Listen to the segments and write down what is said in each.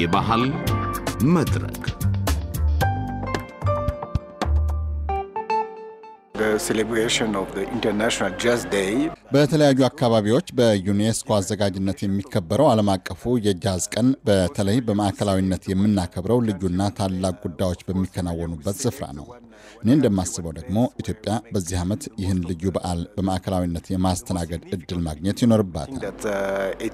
የባህል መድረክ the celebration of the International Jazz Day. በተለያዩ አካባቢዎች በዩኔስኮ አዘጋጅነት የሚከበረው ዓለም አቀፉ የጃዝ ቀን በተለይ በማዕከላዊነት የምናከብረው ልዩና ታላቅ ጉዳዮች በሚከናወኑበት ስፍራ ነው። እኔ እንደማስበው ደግሞ ኢትዮጵያ በዚህ ዓመት ይህን ልዩ በዓል በማዕከላዊነት የማስተናገድ እድል ማግኘት ይኖርባታል። uh,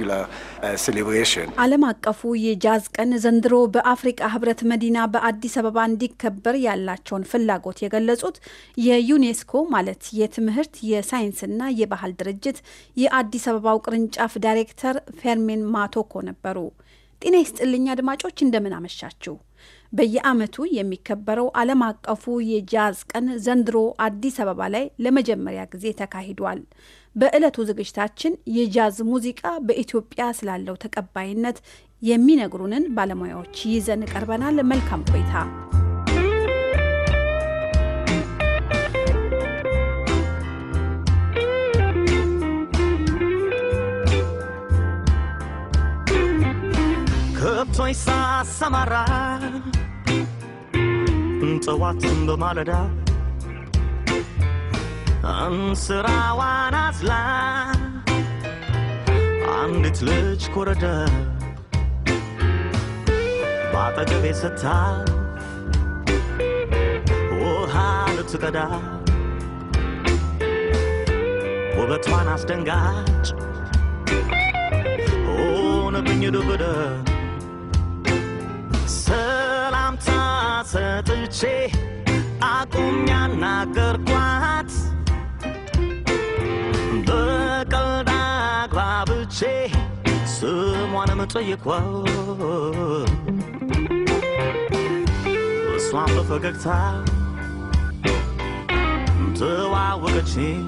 uh, uh, ዓለም አቀፉ የጃዝ ቀን ዘንድሮ በአፍሪቃ ህብረት መዲና በአዲስ አበባ እንዲከበር ያላቸውን ፍላጎት የገለጹት የዩኔስኮ ማለት የትምህርት የሳይንስና የባህል ድርጅት የአዲስ አበባው ቅርንጫፍ ዳይሬክተር ፌርሜን ማቶኮ ነበሩ። ጤና ይስጥልኝ አድማጮች፣ እንደምን አመሻችሁ። በየዓመቱ የሚከበረው ዓለም አቀፉ የጃዝ ቀን ዘንድሮ አዲስ አበባ ላይ ለመጀመሪያ ጊዜ ተካሂዷል። በዕለቱ ዝግጅታችን የጃዝ ሙዚቃ በኢትዮጵያ ስላለው ተቀባይነት የሚነግሩንን ባለሙያዎች ይዘን ቀርበናል። መልካም ቆይታ። ከብቶይ ሳሰማራ ጠዋት በማለዳ እንስራዋን አዝላ አንዲት ልጅ ኮረደ ባጠገቤ ስታ ውሃ ልትቀዳ ውበቷን አስደንጋጭ ሆነብኝ ዱብደ ሰርቼ አቁም ያናገርኳት በቀልድ አግባብቼ ስሟንም ጠየኳት እሷን በፈገግታ ተዋወቀችኝ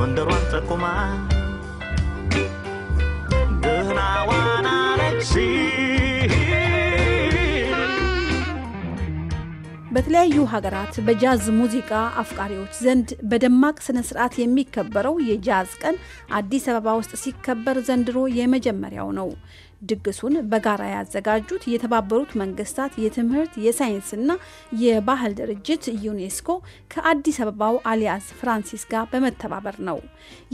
መንደሯን ጠቁማ ደህና ዋና አለችኝ በተለያዩ ሀገራት በጃዝ ሙዚቃ አፍቃሪዎች ዘንድ በደማቅ ስነ ስርዓት የሚከበረው የጃዝ ቀን አዲስ አበባ ውስጥ ሲከበር ዘንድሮ የመጀመሪያው ነው። ድግሱን በጋራ ያዘጋጁት የተባበሩት መንግስታት የትምህርት የሳይንስና የባህል ድርጅት ዩኔስኮ ከአዲስ አበባው አሊያስ ፍራንሲስ ጋር በመተባበር ነው።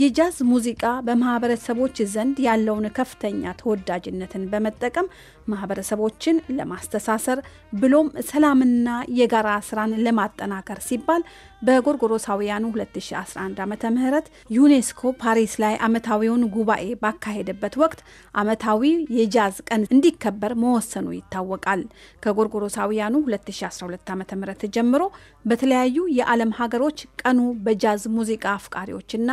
የጃዝ ሙዚቃ በማህበረሰቦች ዘንድ ያለውን ከፍተኛ ተወዳጅነትን በመጠቀም ማህበረሰቦችን ለማስተሳሰር ብሎም ሰላምና የጋራ ስራን ለማጠናከር ሲባል በጎርጎሮሳውያኑ 2011 ዓ ም ዩኔስኮ ፓሪስ ላይ ዓመታዊውን ጉባኤ ባካሄደበት ወቅት አመታዊ የጃዝ ቀን እንዲከበር መወሰኑ ይታወቃል። ከጎርጎሮሳውያኑ 2012 ዓ ም ጀምሮ በተለያዩ የዓለም ሀገሮች ቀኑ በጃዝ ሙዚቃ አፍቃሪዎችና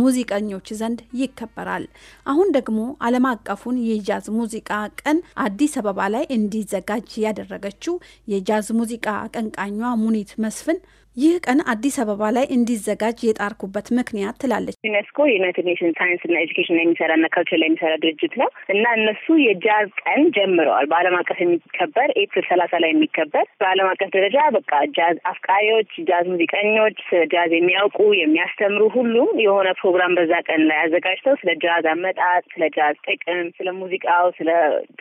ሙዚቀኞች ዘንድ ይከበራል። አሁን ደግሞ ዓለም አቀፉን የጃዝ ሙዚቃ ቀን አዲስ አበባ ላይ እንዲዘጋጅ ያደረገችው የጃዝ ሙዚቃ አቀንቃኟ ሙኒት መስፍን ይህ ቀን አዲስ አበባ ላይ እንዲዘጋጅ የጣርኩበት ምክንያት ትላለች። ዩኔስኮ የዩናይትድ ኔሽን ሳይንስ እና ኤዱኬሽን ላይ የሚሰራ እና ካልቸር ላይ የሚሰራ ድርጅት ነው እና እነሱ የጃዝ ቀን ጀምረዋል። በዓለም አቀፍ የሚከበር ኤፕሪል ሰላሳ ላይ የሚከበር በዓለም አቀፍ ደረጃ በቃ ጃዝ አፍቃሪዎች፣ ጃዝ ሙዚቀኞች፣ ስለ ጃዝ የሚያውቁ የሚያስተምሩ፣ ሁሉም የሆነ ፕሮግራም በዛ ቀን ላይ አዘጋጅተው ስለ ጃዝ አመጣጥ፣ ስለ ጃዝ ጥቅም፣ ስለ ሙዚቃው፣ ስለ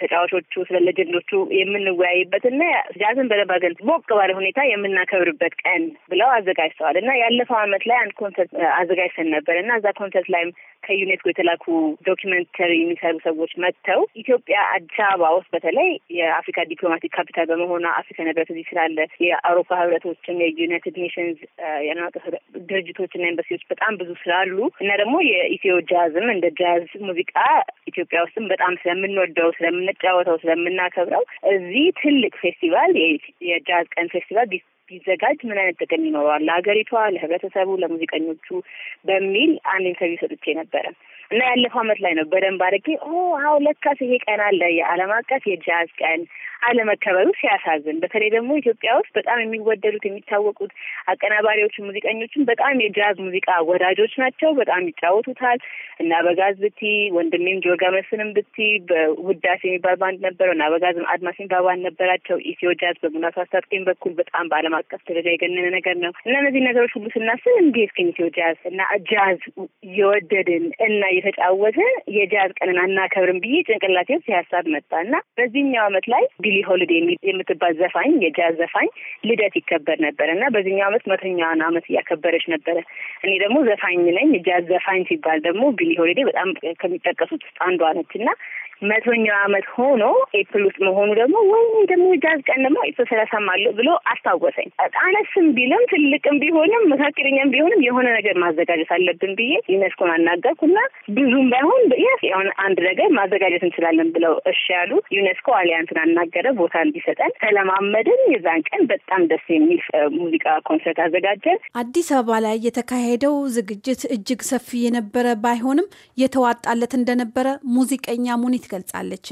ተጫዋቾቹ፣ ስለ ለጀንዶቹ የምንወያይበት እና ጃዝን በደንብ ሞቅ ባለ ሁኔታ የምናከብርበት ቀን ብለው አዘጋጅተዋል እና ያለፈው አመት ላይ አንድ ኮንሰርት አዘጋጅተን ነበር እና እዛ ኮንሰርት ላይም ከዩኔስኮ የተላኩ ዶኪመንተሪ የሚሰሩ ሰዎች መጥተው ኢትዮጵያ አዲስ አበባ ውስጥ በተለይ የአፍሪካ ዲፕሎማቲክ ካፒታል በመሆኗ አፍሪካ ንብረት እዚህ ስላለ የአውሮፓ ህብረቶችም የዩናይትድ ኔሽንስ ድርጅቶችና ኤምባሲዎች በጣም ብዙ ስላሉ እና ደግሞ የኢትዮ ጃዝም እንደ ጃዝ ሙዚቃ ኢትዮጵያ ውስጥም በጣም ስለምንወደው፣ ስለምንጫወተው፣ ስለምናከብረው እዚህ ትልቅ ፌስቲቫል የጃዝ ቀን ፌስቲቫል ቢዘጋጅ ምን አይነት ጥቅም ይኖረዋል ለሀገሪቷ፣ ለህብረተሰቡ፣ ለሙዚቀኞቹ በሚል አንድ ኢንተርቪው ሰጥቼ ነበረ። እና ያለፈው አመት ላይ ነው በደንብ አድርጌ አዎ ለካስ ይሄ ቀን አለ የዓለም አቀፍ የጃዝ ቀን አለመከበሩ ሲያሳዝን፣ በተለይ ደግሞ ኢትዮጵያ ውስጥ በጣም የሚወደዱት የሚታወቁት አቀናባሪዎችን፣ ሙዚቀኞችን በጣም የጃዝ ሙዚቃ ወዳጆች ናቸው። በጣም ይጫወቱታል እና በጋዝ ብቲ ወንድሜም ጆርጋ መስንም ብቲ በውዳሴ የሚባል ባንድ ነበረው እና በጋዝም አድማስ የሚባል ባንድ ነበራቸው። ኢትዮ ጃዝ በሙላቱ አስታጥቄም በኩል በጣም በዓለም አቀፍ ደረጃ የገነነ ነገር ነው እና እነዚህ ነገሮች ሁሉ ስናስብ እንዴት ግን ኢትዮ ጃዝ እና ጃዝ የወደድን እና እየተጫወተ የጃዝ ቀንን አናከብርም ብዬ ጭንቅላቴ ውስጥ መጣ እና በዚህኛው ዓመት ላይ ቢሊ ሆሊዴ የምትባል ዘፋኝ የጃዝ ዘፋኝ ልደት ይከበር ነበር እና በዚህኛው ዓመት መቶኛዋን ዓመት እያከበረች ነበረ። እኔ ደግሞ ዘፋኝ ነኝ። የጃዝ ዘፋኝ ሲባል ደግሞ ቢሊ ሆሊዴ በጣም ከሚጠቀሱት ውስጥ አንዷ ነች እና መቶኛው ዓመት ሆኖ ኤፕል ውስጥ መሆኑ ደግሞ ወይ ደግሞ ጃዝ ቀን ደግሞ ኤፕል ሰላሳማለሁ ብሎ አስታወሰኝ። አነስም ቢልም ትልቅም ቢሆንም መካከለኛም ቢሆንም የሆነ ነገር ማዘጋጀት አለብን ብዬ ዩኔስኮን አናገርኩና ብዙም ባይሆን ያስ የሆነ አንድ ነገር ማዘጋጀት እንችላለን ብለው እሺ ያሉ ዩኔስኮ አሊያንትን አናገረ ቦታ እንዲሰጠን ተለማመድን። የዛን ቀን በጣም ደስ የሚል ሙዚቃ ኮንሰርት አዘጋጀን። አዲስ አበባ ላይ የተካሄደው ዝግጅት እጅግ ሰፊ የነበረ ባይሆንም የተዋጣለት እንደነበረ ሙዚቀኛ ሙኒት ገልጻለች።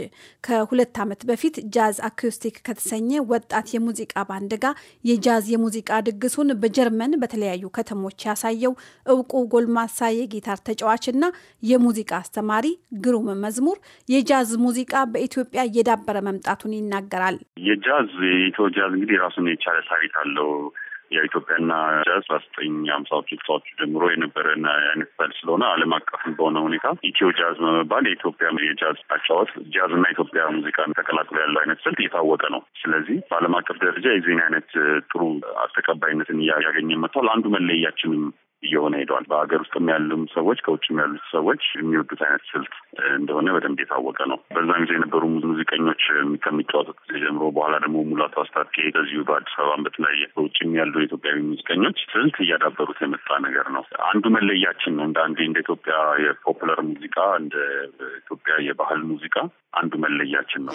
ከሁለት ዓመት በፊት ጃዝ አኩስቲክ ከተሰኘ ወጣት የሙዚቃ ባንድ ጋር የጃዝ የሙዚቃ ድግሱን በጀርመን በተለያዩ ከተሞች ያሳየው እውቁ ጎልማሳ የጊታር ተጫዋችና የሙዚቃ አስተማሪ ግሩም መዝሙር የጃዝ ሙዚቃ በኢትዮጵያ እየዳበረ መምጣቱን ይናገራል። የጃዝ የኢትዮ ጃዝ እንግዲህ ራሱን የቻለ ታሪክ አለው። የኢትዮጵያና ጃዝ በዘጠኝ ሀምሳዎቹ ስልሳዎቹ ጀምሮ የነበረ አይነት ባህል ስለሆነ ዓለም አቀፍም በሆነ ሁኔታ ኢትዮ ጃዝ በመባል የኢትዮጵያ የጃዝ አጫወት ጃዝ ጃዝና ኢትዮጵያ ሙዚቃን ተቀላቅሎ ያለው አይነት ስልት እየታወቀ ነው። ስለዚህ በዓለም አቀፍ ደረጃ የዚህን አይነት ጥሩ ተቀባይነትን እያገኘ መጥቷል። አንዱ መለያችንም እየሆነ ሄደዋል። በሀገር ውስጥም ያሉም ሰዎች ከውጭም ያሉት ሰዎች የሚወዱት አይነት ስልት እንደሆነ በደንብ የታወቀ ነው። በዛም ጊዜ የነበሩ ሙዚቀኞች ከሚጫወቱት ጊዜ ጀምሮ በኋላ ደግሞ ሙላቱ አስታጥቄ በዚሁ በአዲስ አበባ በተለያየ በውጭም ያሉ የኢትዮጵያዊ ሙዚቀኞች ስልት እያዳበሩት የመጣ ነገር ነው። አንዱ መለያችን ነው። እንደ አንድ እንደ ኢትዮጵያ የፖፑለር ሙዚቃ እንደ ኢትዮጵያ የባህል ሙዚቃ አንዱ መለያችን ነው።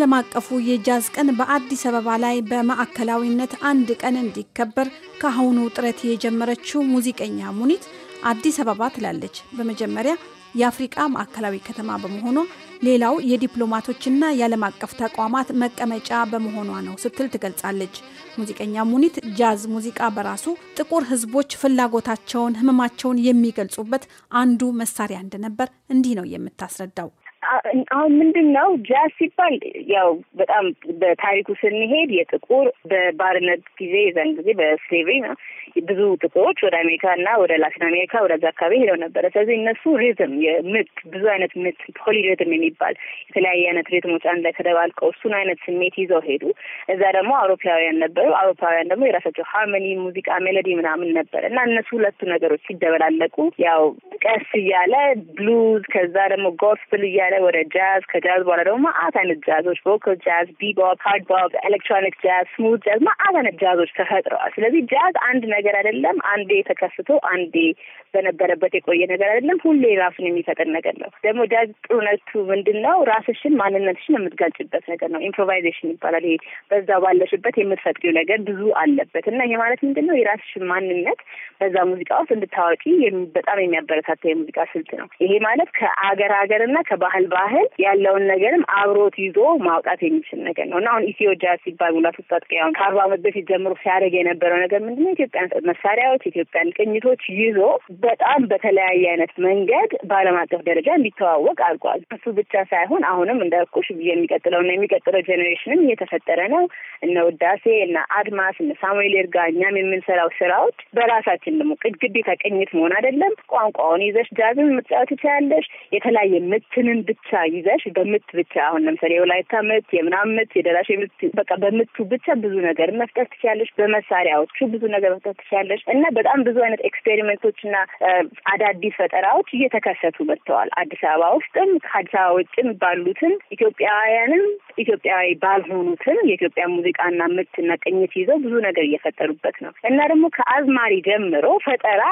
ዓለም አቀፉ የጃዝ ቀን በአዲስ አበባ ላይ በማዕከላዊነት አንድ ቀን እንዲከበር ከአሁኑ ጥረት የጀመረችው ሙዚቀኛ ሙኒት አዲስ አበባ ትላለች። በመጀመሪያ የአፍሪቃ ማዕከላዊ ከተማ በመሆኗ ሌላው የዲፕሎማቶችና የዓለም አቀፍ ተቋማት መቀመጫ በመሆኗ ነው ስትል ትገልጻለች። ሙዚቀኛ ሙኒት ጃዝ ሙዚቃ በራሱ ጥቁር ሕዝቦች ፍላጎታቸውን፣ ህመማቸውን የሚገልጹበት አንዱ መሳሪያ እንደነበር እንዲህ ነው የምታስረዳው። አሁን ምንድን ነው ጃዝ ሲባል ያው በጣም በታሪኩ ስንሄድ የጥቁር በባርነት ጊዜ የዛን ጊዜ በስሌቭሪ ነው ብዙ ጥቁሮች ወደ አሜሪካ እና ወደ ላቲን አሜሪካ ወደዛ አካባቢ ሄደው ነበረ። ስለዚህ እነሱ ሪትም የምት ብዙ አይነት ምት ሆሊ ሪትም የሚባል የተለያየ አይነት ሪትሞች አንድ ላይ ተደባልቀው እሱን አይነት ስሜት ይዘው ሄዱ። እዛ ደግሞ አውሮፓውያን ነበሩ። አውሮፓውያን ደግሞ የራሳቸው ሃርሞኒ ሙዚቃ፣ ሜሎዲ ምናምን ነበረ እና እነሱ ሁለቱ ነገሮች ሲደበላለቁ ያው ቀስ እያለ ብሉዝ ከዛ ደግሞ ጎስፕል እያለ በኋላ ወደ ጃዝ፣ ከጃዝ በኋላ ደግሞ ማአት አይነት ጃዞች ቮካል ጃዝ፣ ቢቦፕ፣ ሃርድ ቦፕ፣ ኤሌክትሮኒክ ጃዝ፣ ስሙዝ ጃዝ፣ ማአት አይነት ጃዞች ተፈጥረዋል። ስለዚህ ጃዝ አንድ ነገር አይደለም፣ አንዴ ተከስቶ አንዴ በነበረበት የቆየ ነገር አይደለም። ሁሌ ራሱን የሚፈጥር ነገር ነው። ደግሞ ጃዝ ጥሩነቱ ምንድን ነው? ራስሽን ማንነትሽን የምትገልጭበት ነገር ነው። ኢምፕሮቫይዜሽን ይባላል። ይሄ በዛ ባለሽበት የምትፈጥሪው ነገር ብዙ አለበት እና ይሄ ማለት ምንድን ነው? የራስሽን ማንነት በዛ ሙዚቃ ውስጥ እንድታወቂ በጣም የሚያበረታታ የሙዚቃ ስልት ነው። ይሄ ማለት ከአገር ሀገር እና ከባህል የኢትዮጵያን ባህል ያለውን ነገርም አብሮት ይዞ ማውጣት የሚችል ነገር ነው እና አሁን ኢትዮ ጃዝ ሲባል ሙላቱ ታጥቄ አሁን ከአርባ አመት በፊት ጀምሮ ሲያደርግ የነበረው ነገር ምንድነው ኢትዮጵያን መሳሪያዎች፣ ኢትዮጵያን ቅኝቶች ይዞ በጣም በተለያየ አይነት መንገድ በአለም አቀፍ ደረጃ እንዲተዋወቅ አድርጓል። እሱ ብቻ ሳይሆን አሁንም እንዳልኩሽ የሚቀጥለው እና የሚቀጥለው ጄኔሬሽንም እየተፈጠረ ነው። እነ ውዳሴ እና አድማስ እነ ሳሙኤል ኤርጋ እኛም የምንሰራው ስራዎች በራሳችን ደግሞ ግዴታ ቅኝት መሆን አይደለም። ቋንቋውን ይዘሽ ጃዝን መጫወት ትችላለሽ። የተለያየ ምትንን ብቻ ይዘሽ በምት ብቻ አሁን ለምሳሌ የወላይታ ምት፣ የምናምን ምት፣ የደራሽ ምት በቃ በምቱ ብቻ ብዙ ነገር መፍጠር ትችያለሽ። በመሳሪያዎቹ ብዙ ነገር መፍጠር ትችያለሽ እና በጣም ብዙ አይነት ኤክስፔሪመንቶች እና አዳዲስ ፈጠራዎች እየተከሰቱ መጥተዋል። አዲስ አበባ ውስጥም ከአዲስ አበባ ውጭም ባሉትም ኢትዮጵያውያንም ኢትዮጵያዊ ባልሆኑትም የኢትዮጵያ ሙዚቃና ምትና ቅኝት ይዘው ብዙ ነገር እየፈጠሩበት ነው እና ደግሞ ከአዝማሪ ጀምሮ ፈጠራ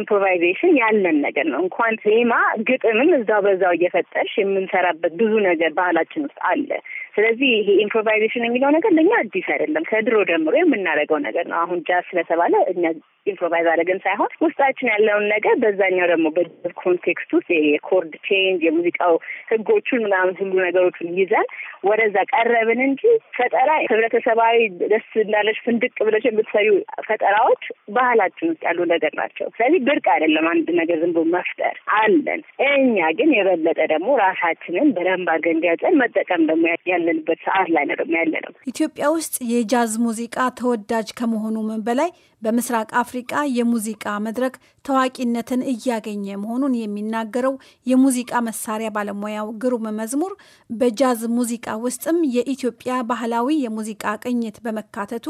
ኢምፕሮቫይዜሽን ያለን ነገር ነው። እንኳን ዜማ ግጥምም እዛው በዛው እየፈጠርሽ የምንሰራበት ብዙ ነገር ባህላችን ውስጥ አለ። ስለዚህ ይሄ ኢምፕሮቫይዜሽን የሚለው ነገር ለእኛ አዲስ አይደለም። ከድሮ ጀምሮ የምናደርገው ነገር ነው። አሁን ጃዝ ስለተባለ እኛ ኢምፕሮቫይዝ አደረግን ሳይሆን ውስጣችን ያለውን ነገር በዛኛው ደግሞ በጃዝ ኮንቴክስት ውስጥ የኮርድ ቼንጅ፣ የሙዚቃው ህጎቹን ምናምን ሁሉ ነገሮቹን ይዘን ወደዛ ቀረብን እንጂ ፈጠራ ህብረተሰባዊ ደስ እንዳለች ፍንድቅ ብለች የምትሰዩ ፈጠራዎች ባህላችን ውስጥ ያሉ ነገር ናቸው። ስለዚህ ብርቅ አይደለም አንድ ነገር ዝም ብሎ መፍጠር አለን። እኛ ግን የበለጠ ደግሞ ራሳችንን በደንብ አድርገን ገልጸን መጠቀም ደግሞ ያለንበት ሰዓት ላይ ነው ያለ ነው። ኢትዮጵያ ውስጥ የጃዝ ሙዚቃ ተወዳጅ ከመሆኑም በላይ በምስራቅ አፍሪቃ የሙዚቃ መድረክ ታዋቂነትን እያገኘ መሆኑን የሚናገረው የሙዚቃ መሳሪያ ባለሙያው ግሩም መዝሙር በጃዝ ሙዚቃ ውስጥም የኢትዮጵያ ባህላዊ የሙዚቃ ቅኝት በመካተቱ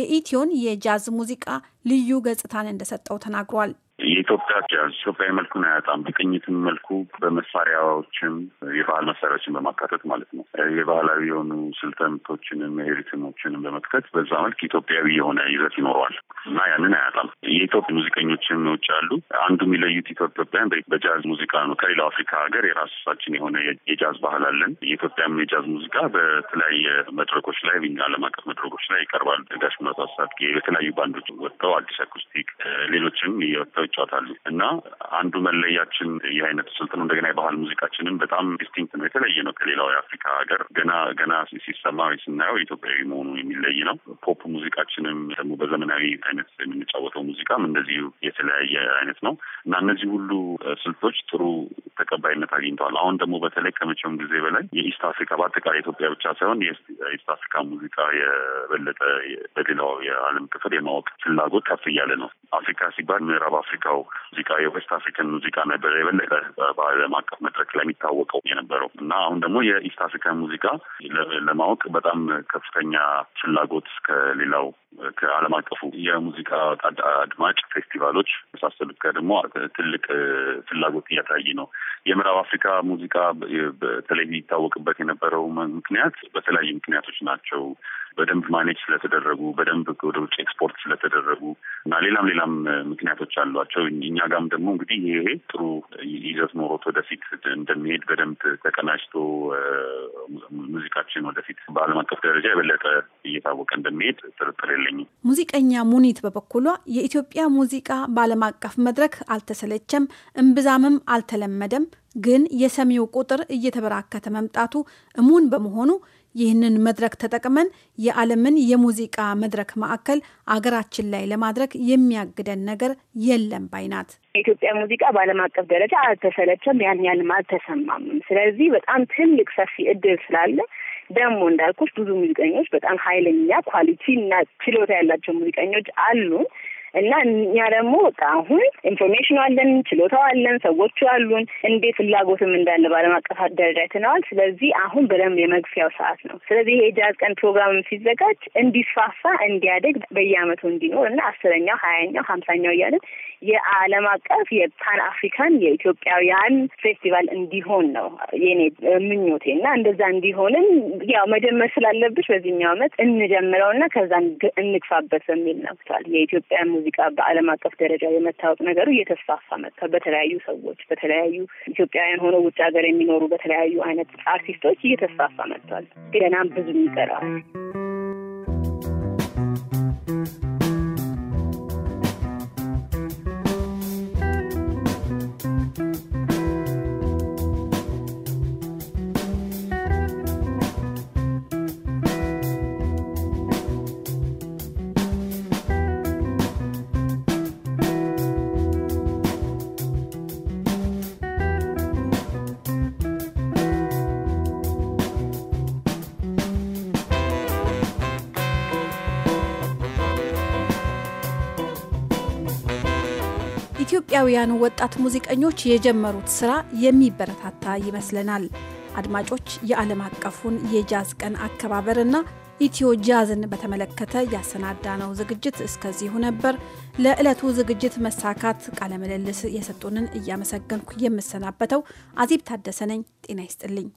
የኢትዮን የጃዝ ሙዚቃ ልዩ ገጽታን እንደሰጠው ተናግሯል። የኢትዮጵያ ጃዝ ኢትዮጵያዊ መልኩን አያጣም። በቅኝትም መልኩ በመሳሪያዎችም የባህል መሳሪያዎችን በማካተት ማለት ነው። የባህላዊ የሆኑ ስልጠንቶችንም የሪትሞችንም በመክተት በዛ መልክ ኢትዮጵያዊ የሆነ ይዘት ይኖረዋል እና ያንን አያጣም። የኢትዮጵያ ሙዚቀኞችም ውጭ አሉ። አንዱ የሚለዩት ኢትዮጵያውያን በጃዝ ሙዚቃ ነው። ከሌላው አፍሪካ ሀገር የራሳችን የሆነ የጃዝ ባህል አለን። የኢትዮጵያም የጃዝ ሙዚቃ በተለያየ መድረኮች ላይ እኛ ዓለም አቀፍ መድረኮች ላይ ይቀርባል። ጋሽ ሙላቱ የተለያዩ ባንዶች ወጥተው አዲስ አኩስቲክ ሌሎችም የወጥተው ይጫወታሉ እና አንዱ መለያችን ይህ አይነት ስልት ነው። እንደገና የባህል ሙዚቃችንም በጣም ዲስቲንክት ነው፣ የተለየ ነው ከሌላው የአፍሪካ ሀገር። ገና ገና ሲሰማ ወይ ስናየው ኢትዮጵያዊ መሆኑ የሚለይ ነው። ፖፕ ሙዚቃችንም ደግሞ በዘመናዊ አይነት የምንጫወተው ሙዚቃም እንደዚሁ የተለያየ አይነት ነው እና እነዚህ ሁሉ ስልቶች ጥሩ ተቀባይነት አግኝተዋል። አሁን ደግሞ በተለይ ከመቼውም ጊዜ በላይ የኢስት አፍሪካ በአጠቃላይ ኢትዮጵያ ብቻ ሳይሆን የኢስት አፍሪካ ሙዚቃ የበለጠ በሌላው የዓለም ክፍል የማወቅ ፍላጎት ከፍ እያለ ነው። አፍሪካ ሲባል ምዕራብ አፍሪካ አፍሪካው ሙዚቃ የዌስት አፍሪካን ሙዚቃ ነበር የበለጠ በዓለም አቀፍ መድረክ ላይ የሚታወቀው የነበረው እና አሁን ደግሞ የኢስት አፍሪካን ሙዚቃ ለማወቅ በጣም ከፍተኛ ፍላጎት ከሌላው ከዓለም አቀፉ የሙዚቃ አድማጭ ፌስቲቫሎች መሳሰሉት ጋር ደግሞ ትልቅ ፍላጎት እያታይ ነው። የምዕራብ አፍሪካ ሙዚቃ በተለይ የሚታወቅበት የነበረው ምክንያት በተለያዩ ምክንያቶች ናቸው። በደንብ ማኔጅ ስለተደረጉ በደንብ ወደ ውጭ ኤክስፖርት ስለተደረጉ እና ሌላም ሌላም ምክንያቶች አሏቸው። እኛ ጋም ደግሞ እንግዲህ ይሄ ጥሩ ይዘት ኖሮት ወደፊት እንደሚሄድ በደንብ ተቀናጅቶ ሙዚቃችን ወደፊት በዓለም አቀፍ ደረጃ የበለጠ እየታወቀ እንደሚሄድ ጥርጥር የለኝም። ሙዚቀኛ ሙኒት በበኩሏ የኢትዮጵያ ሙዚቃ በዓለም አቀፍ መድረክ አልተሰለቸም፣ እምብዛምም አልተለመደም፣ ግን የሰሚው ቁጥር እየተበራከተ መምጣቱ እሙን በመሆኑ ይህንን መድረክ ተጠቅመን የዓለምን የሙዚቃ መድረክ ማዕከል አገራችን ላይ ለማድረግ የሚያግደን ነገር የለም ባይ ናት። የኢትዮጵያ ሙዚቃ በዓለም አቀፍ ደረጃ አልተሰለቸም፣ ያን ያንም አልተሰማምም። ስለዚህ በጣም ትልቅ ሰፊ እድል ስላለ ደግሞ እንዳልኩሽ ብዙ ሙዚቀኞች በጣም ኃይለኛ ኳሊቲ እና ችሎታ ያላቸው ሙዚቀኞች አሉ። እና እኛ ደግሞ በቃ አሁን ኢንፎርሜሽኑ አለን፣ ችሎታው አለን፣ ሰዎቹ አሉን። እንዴት ፍላጎትም እንዳለ በዓለም አቀፍ ደረጃ ትነዋል። ስለዚህ አሁን በደንብ የመግፊያው ሰዓት ነው። ስለዚህ ይሄ ጃዝ ቀን ፕሮግራም ሲዘጋጅ እንዲስፋፋ እንዲያደግ በየአመቱ እንዲኖር እና አስረኛው ሀያኛው ሀምሳኛው እያለን የዓለም አቀፍ የፓን አፍሪካን የኢትዮጵያውያን ፌስቲቫል እንዲሆን ነው የኔ ምኞቴ እና እንደዛ እንዲሆንም ያው መጀመር ስላለብሽ በዚህኛው አመት እንጀምረው እና ከዛ እንግፋበት በሚል ነው የኢትዮጵያ ሙዚቃ በዓለም አቀፍ ደረጃ የመታወቅ ነገሩ እየተስፋፋ መጣ። በተለያዩ ሰዎች በተለያዩ ኢትዮጵያውያን ሆነው ውጭ ሀገር የሚኖሩ በተለያዩ አይነት አርቲስቶች እየተስፋፋ መጥቷል። ገናም ብዙ ይቀራል። ኢትዮጵያውያኑ ወጣት ሙዚቀኞች የጀመሩት ስራ የሚበረታታ ይመስለናል። አድማጮች የዓለም አቀፉን የጃዝ ቀን አከባበርና ኢትዮ ጃዝን በተመለከተ ያሰናዳ ነው ዝግጅት እስከዚሁ ነበር። ለዕለቱ ዝግጅት መሳካት ቃለምልልስ የሰጡንን እያመሰገንኩ የምሰናበተው አዜብ ታደሰ ነኝ። ጤና ይስጥልኝ።